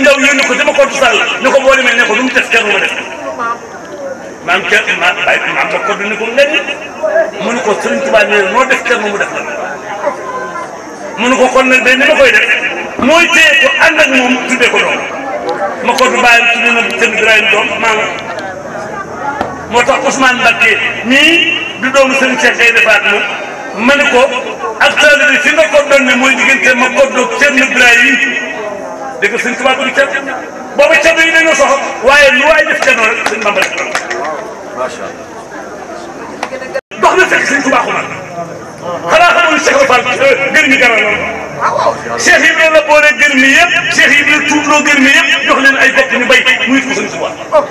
ndaw yónni ko dama kontu Sall ni ko boo demee ne ko lu mu def kenn mu def maam ca maam bàyyi maam ma kodd ni ko ngeen nit mu ne ko Sëriñ Tuubaa nee noo def kenn mu def la mu ne ko kon nag de ni ma koy def mooy téye ko ànd ak moom tuddee ko doom ma kodd bàyyam tuddee na sëñ Ibrahima doom maam moo tax Ousmane Mbacké mii du doomu sëñ Cheikh day defaat moom ma ne ko ak taalibe fi nga ko doon ne mooy diggante ma kodd Cerno Ibrahima dégg nga suñ tubaab bu ñu cat boobu cat yi dañoo soxla waaye lu waay def cano rek suñ bamba rek macha allah dox na fekk suñ tubaab xuma xanaa xamul Cheikh Fall eh, gër mi garal loolu Cheikh yi leen la boole gër mi yëpp Cheikh yi leen tuubloo gër mi yëpp jox leen ay bopp ñu béy muy ko suñ tubaab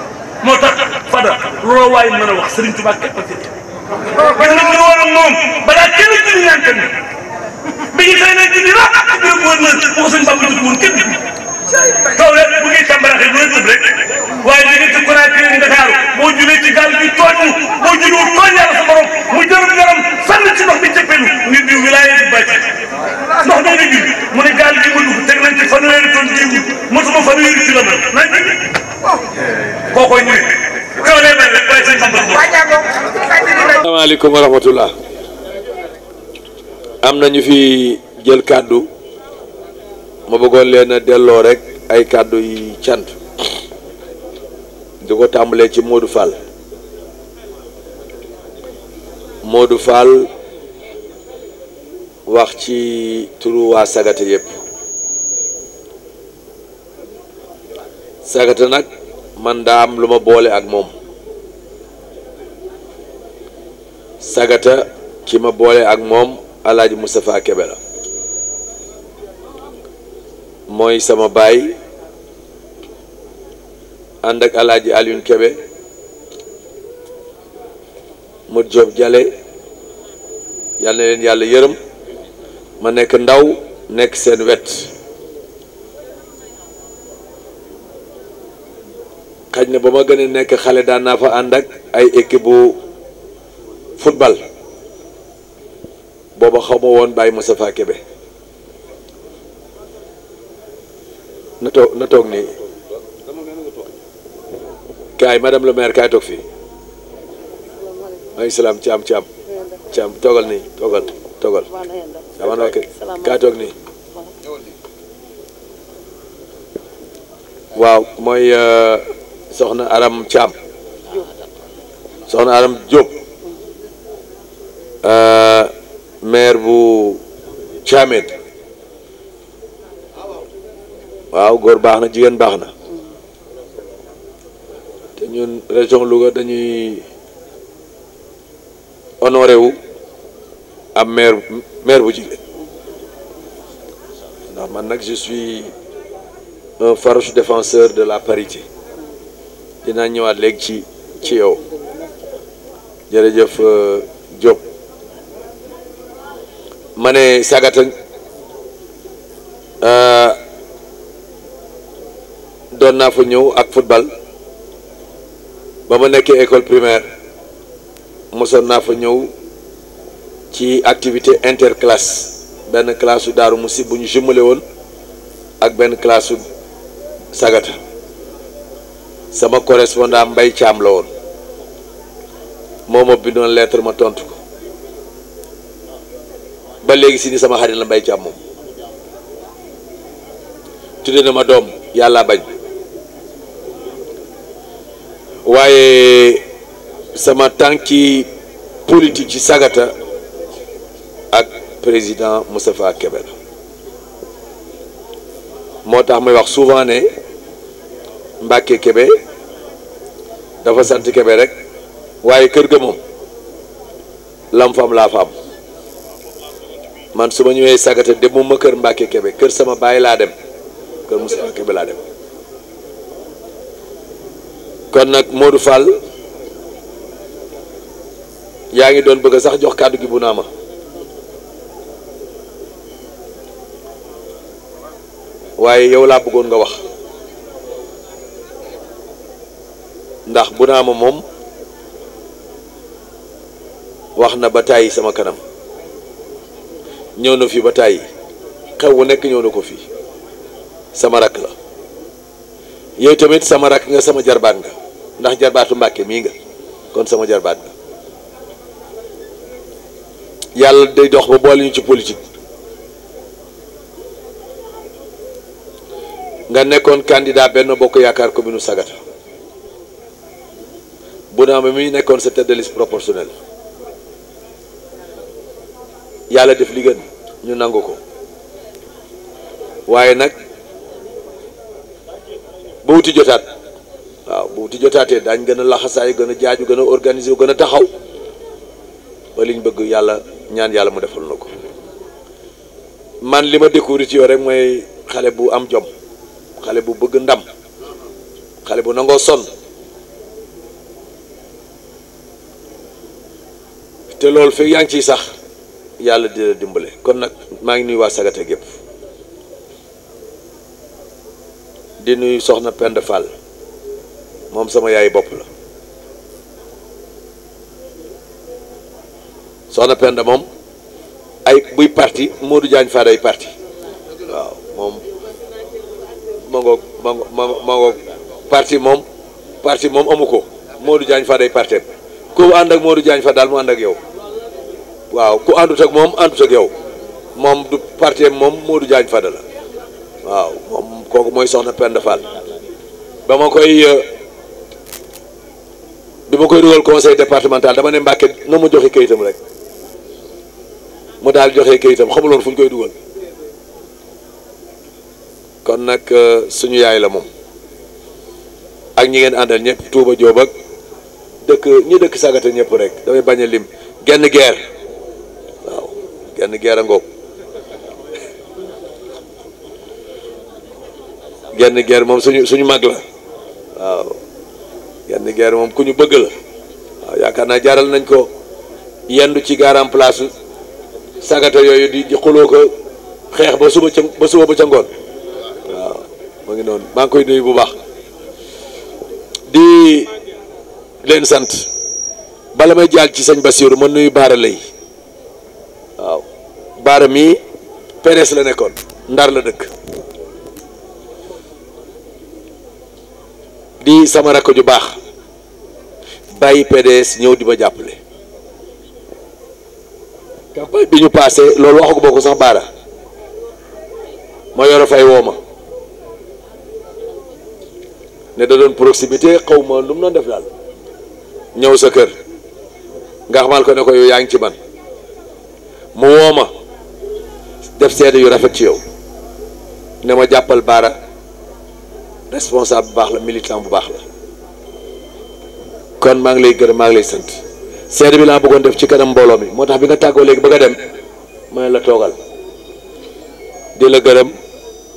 moo tax Fada looloo waay mën a wax Serigne Touba képp a tëdd gis nga lu waroon moom balaa kenn jëriñ ñaan kenn bi ñu xëy na jëndi rax ak biir gouverneur bu ko sëñ Bamba jënd woon kenn taw rek bu ngeen càmbaraxee lu leen tëb rek waaye li ngeen ci Conakry ak Ndakaaru boo julee ci gaal gi tooñ mu boo juloo tooñ yàlla sa borom mu jërëm yaram sànni ci ndox bi cëppelu nit ñi wilaaya di bàcc ndox doo nit ñi mu ne gaal gi ma dugg teg nañ ci fanweeri tonne jiw bi mosuma fanweeri kilomètre nañ ci koo koy ñëwee kaw lay mel rek bàyyi seen xam-xam. asalaamaaleykum wa rahmatullah am na ñu fi jël kàddu ma bëggoon leen a delloo rek ay kàddu yi cant di ko tàmbalee ci moodu Fall moodu Fall wax ci turu waa Sagata yëpp Sagata nag man daa am lu ma boole ak moom Sagata ki ma boole ak moom Alaaji Moustapha Kebe la mooy sama baay ànd ak alaaji Alioune Kebe mu Jóob Jale yal yàlla yërëm ma nekk ndaw nekk seen wet xaj na ba ma gën a nekk xale daan naa fa ànd ak ay équipe bu football booba xaw ma woon Baye Moustapha Kebe na toog na toog nii kaay madame le maire kaay toog fii maaleykum salaam Thiam Thiam Thiam toogal nii toogal toogal aman wak kaay waaw mooy euh, soxna Aram Thiam soxna Aram Diop euh, maire bu Thiamène waaw góor baax na jigéen baax na ñun région Louga dañuy honoré wu am maire je suis un farouche défenseur de la parité Je ñëwaat à ci ci yow jërëjëf euh, sagata euh, football ba ma nekkee école primaire mosoon naa fa ñëw ci activité interclasse benn classe su Daaru Musi bu ñu jumelé woon ak benn classe su Sagata sama correspondant Mbay Caam la woon moo ma bindoon lettre ma tontu ko ba léegi si ni sama xarit la Mbay Caam moom tudde na ma doom yàllaa bañ waaye sama tànki politique ci Sagata ak président Moustapha Kébé la moo tax may wax souvent ne Mbacke kebe dafa sant kebe rek waaye kër ga moom lam fa laa fa am man su ma ñëwee Sagata dem ma kër Mbacke kebe kër sama baay laa dem kër Moustapha Kébé laa dem kon nak Modou Fall yaangi don beug sax jox kaddu gi bu naa waye yow la bëggon nga wax ndax bu mom waxna bataay sama kanam nyono fi bataay tàyyi xew wu nekk ñëw ko fi sama rak la yow tamit sama rak nga sama ndax jarbaatu mbàkke mii nga kon sama jarbaat nga yàlla de dox ba boole ñu ci politique nga nekkoon candidat benn bokk yaakaar commune Sagata bu naa ma mi nekkoon sa tête proportionel yàlla def li gën ñu nangu ko waaye nag ba wuti jotaat waaw bu ti jotaatee daañ gën a laxasaay gën a jaaju gën a organiser gën a taxaw ba liñ bëgg yàlla ñaan yàlla mu defal na ko man li ma découvrir ci yow rek mooy xale bu am jom xale bu bëgg ndam xale bu nangoo sonn te loolu fekk yaa ngi ciy sax yàlla di la dimbale kon nag maa ngi nuy waa Sagata gépp di nuyu soxna Penda Fall moom sama yaay bopp la soxna Penda moom ay buy parti Modou Diagne Fada ay parti waaw moom ma ngoog moom parti moom amu ko Modou Diagne Fada parti ku àndak ak Modou Diagne Fada daal mu ànd ak yow waaw ku àndut ak moom àndut ak yow moom du parti moom Modou Diagne Fada la waaw moom kooku mooy soxna Penda Fall ba koy. Euh, ma koy dugal conseil départemental dama ne Mbàkke na mu joxe kayitam rek mu daal joxe kayitam xamuloon fu ñu koy dugal kon nag euh, suñu yaay la moom ak ñi ngeen àndal ñëpp Touba Diop dëkk ñi dëkk sagata ñëpp rek damay bañ lim genn geer waaw genn geer a ngoog genn geer moom suñu suñu mag la waaw benn guerre moom ku ñu bëgg la waaw yaakaar naa jaaral nañ ko yendu ci garan place sagata yooyu di xuloo ko xeex ba suba ca ba suba ba ca ngoon waaw ngi noonu maa ngi koy nuyu bu baax di leen sant bala may jaal ci sëñ Basiiru ma nuyu Baara lay waaw Baara mii Peres la nekkoon Ndar la dëkk di sama rakk ju baax bàyyi PDS ñëw di ma jàppale campagne bi ñu passé loolu waxu ma ko sax baara ma yoro fay woo ma ne da doon proxibité xawma ma lu mu doon def daal ñëw sa kër nga xamal ko ne ko yow yaa ngi ci man mu woo def seede yu rafet ci yow ne ma jàppal baara responsable bu baax la militant bu baax la kon maa ngi lay gërëm maa ngi lay sant seede bi laa bëggoon def ci kanam mbooloo mi moo tax bi nga tàggoo léegi bëgg a dem ma ne la toogal di la gërëm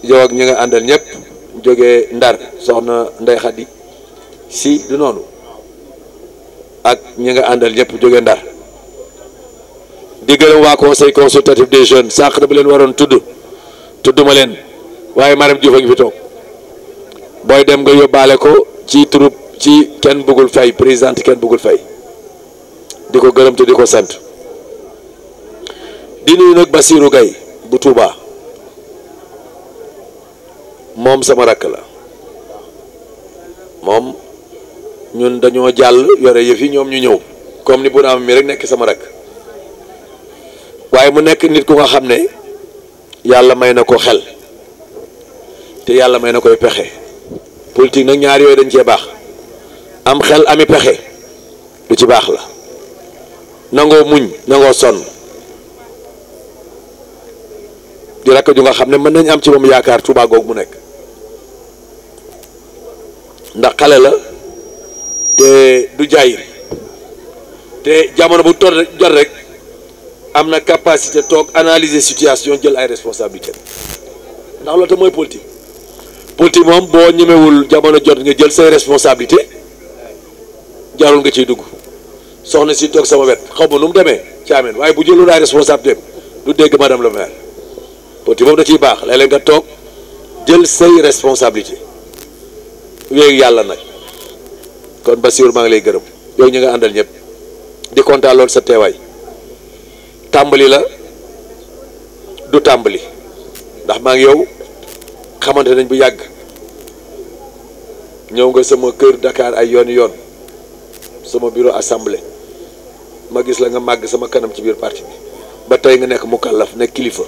yow ak ñi nga àndal ñëpp jógee ndar soxna Ndey Xadi si noonu ak ñi nga àndal ñëpp jógee ndar di gërëm waa conseil consultatif des jeunes sànq dama leen waroon tudd tudduma leen waaye ma Diouf a ngi fi toog booy dem nga yóbbaale ko ci troupe ci kenn bëggul fay président kenn buggul fay di ko gërëm te di ko sant di nuyu nag Bassirou bu Touba moom sama rakk la moom ñun dañoo jàll yore yëf yi ñoom ñu ñëw comme ni bu naam mi rek nekk sama rakk waaye mu nekk nit ku nga xam ne yàlla may na ko xel te yàlla may na koy pexe politique nag ñaar yooyu dañ cee baax am xel ami pexe lu ci baax la nangoo muñ nangoo sonn di rakk ju nga xam ne mën nañ am ci moom yaakaar Tuubaa googu mu nekk ndax xale la te du jaayir te jamono bu toll jot rek am na capacité toog analyser situation jël ay responsabilité ndax loolu tam mooy politique politique moom boo ñemewul jamono jot nga jël say responsabilité jaarul nga ciy dugg soxna si toog sama wet xaw ma nu mu demee caamen waaye bu jëlul ay responsabilité du dégg madame le maire poti boobu da ciy baax léeg nga toog jël say responsabilité yooyu yàlla nag kon Bassirou maa ngi lay gërëm yow ñu nga àndal ñëpp di kontaan sa teewaay tàmbali la du tàmbali ndax maa ngi yow xamante nañ bu yàgg ñëw nga sama kër Dakar ay yoon yoon sama bureau assemblée ma gis la nga mag sama kanam ci biir parti bi ba tay nga nek mukallaf nek kilifa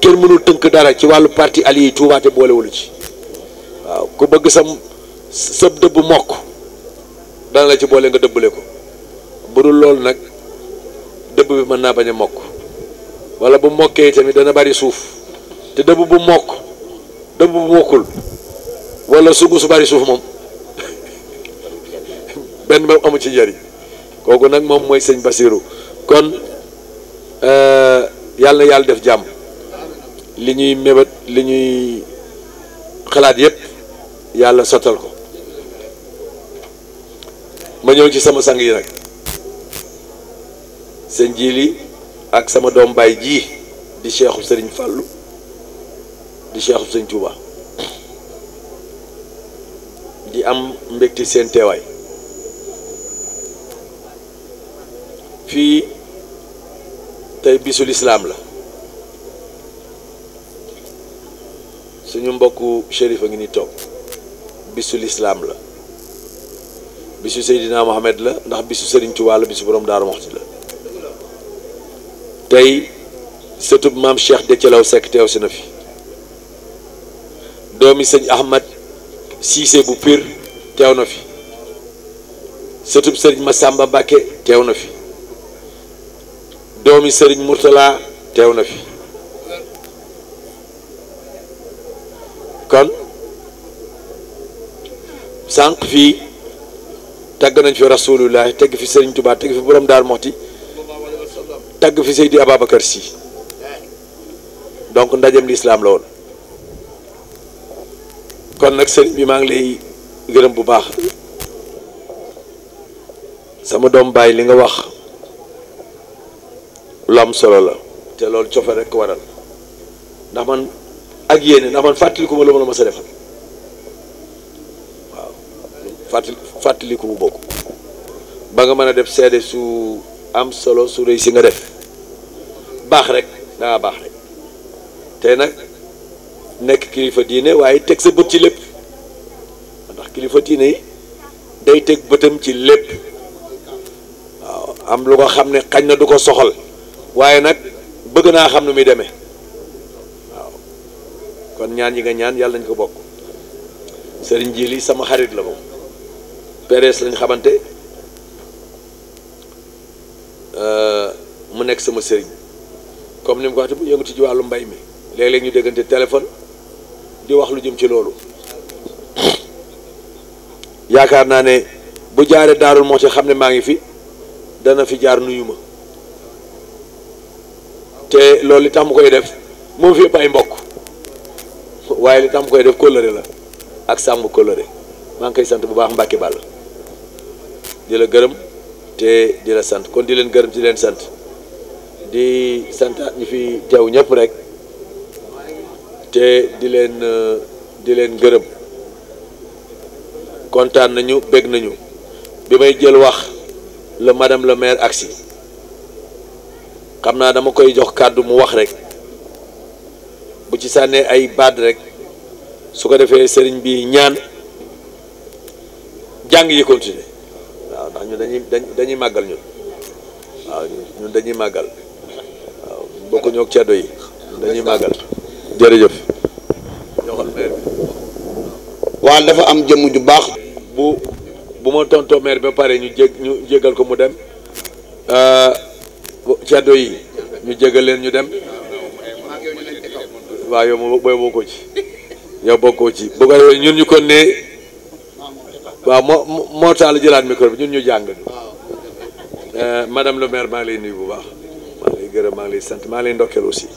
kenn mënul teunk dara ci walu parti allié yi bolé boolewulu ci waaw ku bëgg sam sepp debbu mok da la ci bolé nga debbulé ko bu dul loolu nag bi mëna baña mok wala bu mokkee tamit dana bari suuf te debbu bu mok debbu bu mokul wala sungu su bari suuf mom benn ba amu ci njëriñ kooku nag moom mooy sëñ Basiru kon euh, yàlla yàlla def jàmm li ñuy mébét li ñuy xalaat yépp yàlla sottal ko ma ñëw ci sama sang yi nag sëñ Jili ak sama doom baay ji di cheikhu sëriñ Fàllu di cheikhu sëriñ Touba di am mbégte seen teewaay fii tey bisu lislaam la suñu mbokku shérif a ngi ni toog bisu lislaam la bisu Seydina Mohamed la ndax bisu Sëriñ Tuubaa la bisu borom Daaru Muxti la tey sëtub maam Cheikh Déthié Law Seck teew si na fi doomi sëñ Ahmad Cissé bu Pire teew na fi sëtub sëriñ Massamba Mbàkke teew na fi doomi sëriñ Mourtala teew na fi kon sanq fii tagg nañ fi rasulullah teg fi sëriñ Touba tagg fi borom daar moxti tagg fi Seydi Ababacar Sy donc ndajem islaam la woon kon nag sëriñ bi maa ngi lay gërëm bu baax sama doom bàyyi li nga wax lu am solo la te loolu cofe rek waral ndax man ak yéene ndax man fàttaliku ma lu ma la ma sa defal waaw fàttali bokk ba nga mën a def seede su am solo su réy si nga def baax rek dangaa baax rek te nag nekk kilifa diine waaye teg sa bët ci lépp ndax kilifa diine yi day teg bëtam ci lépp waaw am lu ko xam ne xañ na du ko soxal waye nak bëgg na xam nu mi démé kon ñaan yi nga ñaan yalla nañ ko bokk sëriñ ji sama xarit la Peres pérès lañ euh mu nekk sama sëriñ comme nim ko waxee bu yëngu ci walu mbay mi léeg-léeg ñu dégënté téléphone di wax lu jëm ci lolu yaakaar naa ne bu jaaree daarul moo ci xam ne maa ngi fi dana fi jaar nuyuma te loolu li tax mu koy def moom fi ëpp ay mbokk waaye li tax koy def kóllëre la ak sàmm kóllëre maa ngi koy sant bu baax Mbacke Ball di la gërëm te di la sant kon di leen gërëm di leen sant di sant ñi fi teew ñëpp rek te di leen di leen gërëm kontaan nañu bég nañu bi may jël wax la madame le maire agsi xam naa dama koy jox kàddu mu wax rek bu ci sànnee ay baat rek su ko defee sëriñ bi ñaan jàng yi continuer waaw ndax ñun dañuy dañuy màggal ñun dañuy màggal waaw bokkuñu ak ceddo yi dañuy màggal jërëjëf joxal dafa am jëmm ju baax bu bu ma tontoo maire ba pare ñu jég ñu jégal ko mu dem euh, ceddo yi ñu jégal leen ñu dem waaw yow moom booy bokkoo ci yow bokkoo ci bu ko ñun ñu kon ne waaw moo moo taal jëlaat micro bi ñun ñu jàng eh, madame le maire maa ngi lay bu baax maa ngi lay gërëm maa ngi lay sant maa ngi lay ndokkeel aussi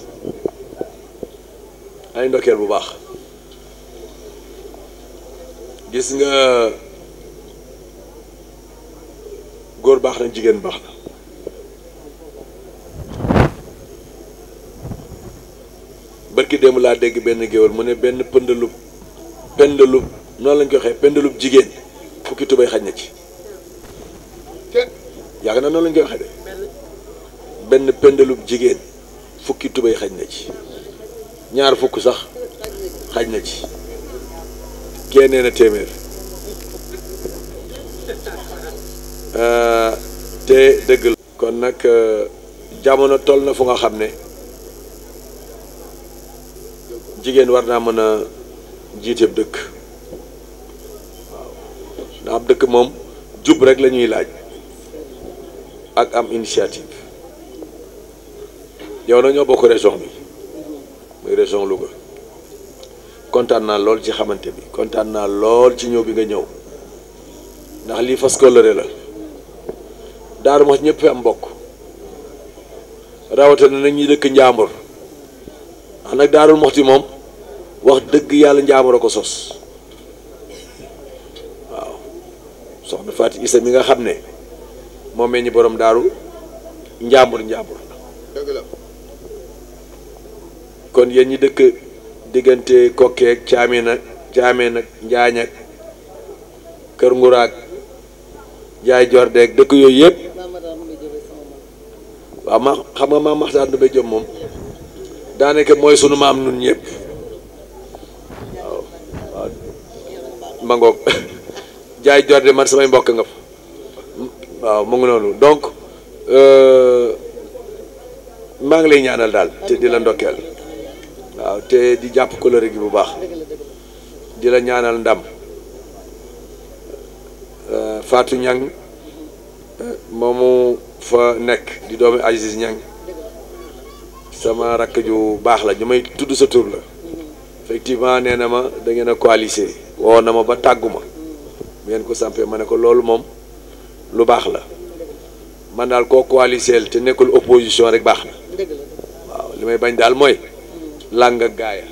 maa ndokkeel bu baax gis nga góor baax na jigéen baax ki démb laa dégg benn géwél mu ne benn pëndalub pendalub noonu lañ ko waxee pendalub jigéen fukki tubay xaj na ci yaakaar naa noonu lañ koy waxee de jigéen fukki tubay xaj na ci ñaar fukk sax xaj na ci kee na téeméer euh, te dëgg la kon nag euh, jamono toll na fu nga xam ne jigéen war naa mën a jiiteeb dëkk waaw ndax ab dëkk moom jub rek la ñuy laaj ak am initiative yow na bokk région bi muy région Louga kontaan naa lool ci xamante bi kontaan naa lool ci ñëw bi nga ñëw ndax lii fas kóllëre la daaru ma ñëpp fi am mbokk rawatina na ñuy dëkk njàmbur ndax nag daarul moxti moom wax dëgg yàlla njaamur ko sos waaw soxna Fatou Issa mi nga xam ne moo meññ borom boroom njaambur njaambur dëgg kon yéen ñi dëkk diggante kokkeeg caamee nag caamee nag njaañ kër nguraak jaay jordeeg dëkk yooyu yëpp waaw ma xam nga maam maxtaar nu ba jëm moom daanaka mooy sunu maam nun ñëpp mango ngoog jor de man samay mbok nga waaw mo ngi nonu donc euh mang lay ñaanal dal te di la ndokel waaw te di jàpp coloré gi bu baax di la ñaanal ndam euh, Fatou ñang momu fa nek di doomi Aziz ñang sama rakaju ju baax la jumay tuddu sa tour la effectivement nee ma da ngeen a coalisé woo na ma ba tàgguma ma ngeen ko sampee ma ne ko loolu moom lu baax la man daal koo coaliseel te nekkul opposition rek baax na waaw li may bañ daal mooy làng ak gaaya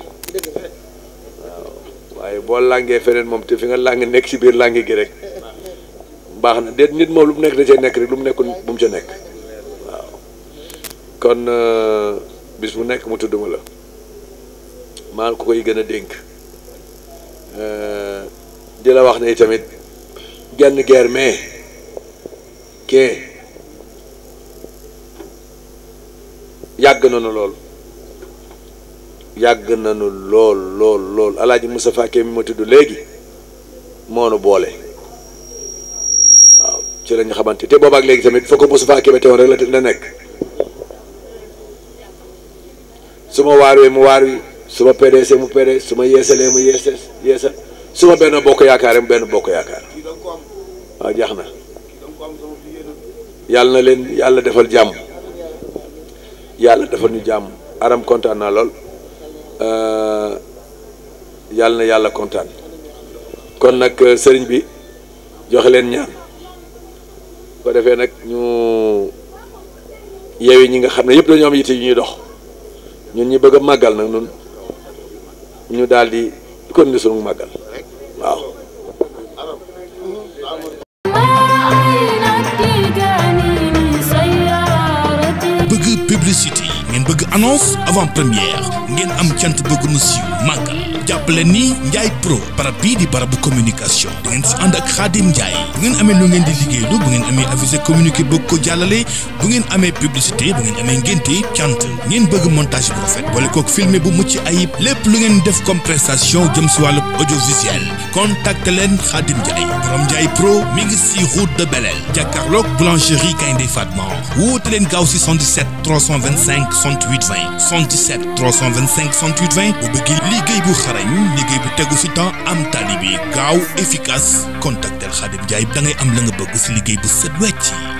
waaw waaye boo làngee feneen moom te fi nga làng nekk ci biir làng gi rek baax na déet nit moom lu mu nekk da cee nekk lu mu nekkul bu mu ca nekk waaw kon euh, bis bu nekk mu tudd ma la maa ko koy gën a dénk Euh, di la wax ne tamit genn guerre mais kee yàgg nañu lool yàgg nañu lool lool lool alaaji Moustapha Kee mu ma tudd léegi moo nu boole waaw ci la ñu xamante te boobaak léegi tamit foo ko Moustapha Kee ba rek la la nekk su ma waar wee mu waar wi su ma PDC mu PDS su ma yeesalee mu yeesal yeesal su ma benn bokk yaakaar mu benn bokk yaakaar waaw ah, jaax na yàlla na leen yàlla defal jàmm yàlla defal ñu jàmm aram kontaan naa lool euh, yàlla na yàlla kontaan kon nag euh, sëriñ bi joxe leen ñaan ko defee nag ñu yeewi ñi nga xam ne yëpp la ñoom yitte yu ñuy dox ñun ñi bëgg a màggal nag noonu ñu daal di continuer sunu màggal waaw. bëgg publicité ngeen bëgg annonce avant première ngeen am cant bëgg mu siiw màggal. jàpp leen ni Ndiaye Pro barab bii di barab bu communication di ngeen si ànd ak Khadim Ndiaye bu ngeen amee lu ngeen di liggéeylu bu ngeen amee avisé communiqué bëgg ko jàllale bu ngeen amee publicité bu ngeen amee ngénte cant ngeen bëgg montage bu boole kook filmé bu mucc ayib lépp lu ngeen def comme prestation jëm si contacte leen Khadim Ndiaye borom Ndiaye Pro mi ngi si route Belel jàkkaarloog boulangerie Kayndé Fatma woote leen gaaw si bu liggéey bu tegu si temps am tali bi gaaw efficace contactel Khadim Ndiaye da ngay am la nga bëgg si liggéey bu set wecc